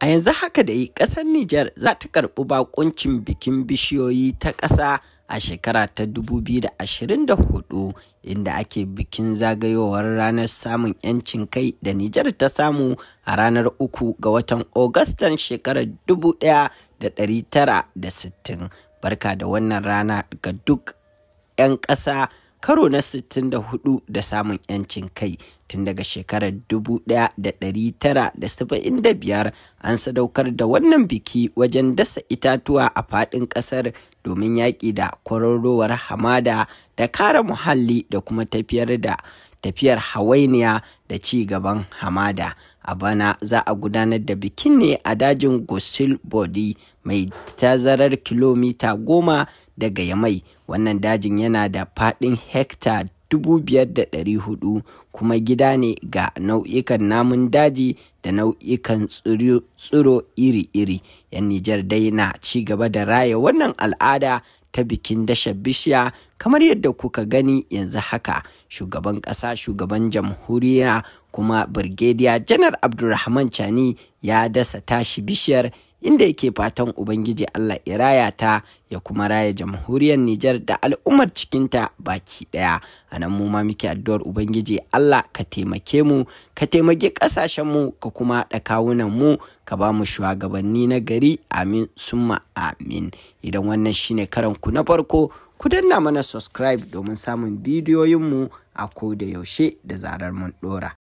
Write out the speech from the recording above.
A yanzu haka dai ƙasar Nijar za ta karɓi bakuncin bikin bishiyoyi ta ƙasa a shekara ta 2024 inda ake bikin zagayowar ranar samun 'yancin kai da Nijar ta samu a ranar 3 ga watan Agustan shekarar 1960. Barka da wannan rana ga duk 'yan ƙasa. karo na 64 da samun 'yancin kai tun daga shekarar 1975 an sadaukar da wannan biki wajen dasa itatuwa a faɗin ƙasar domin yaƙi da kwararowar hamada da kare muhalli da kuma tafiyar da tafiyar hawainiya da ci gaban hamada a bana za a gudanar da bikin ne a dajin gosil body mai tazarar kilomita goma daga yamai wannan dajin yana da faɗin hekta 5,400 kuma gida ne ga nau'ikan namun daji da nau'ikan tsiro iri-iri yan nijar dai na ci gaba da raya wannan al'ada ta bikin dasha bishiya kamar yadda kuka gani yanzu haka shugaban ƙasa shugaban jamhuriya kuma birgediya janar abdulrahman Cani ya dasa tashi bishiyar inda yake fatan ubangiji allah ya raya ta ya kuma raya jamhuriyar nijar da al'ummar cikinta baki ɗaya a nan mu ma muke addu'ar ubangiji allah ka taimake mu ka taimaki mu, ka kuma da kawunan mu ka ba mu shugabanni na gari amin summa amin idan wannan shine karan ku na farko ku danna mana subscribe domin samun bidiyoyinmu a ko da yaushe da zarar mun ɗora.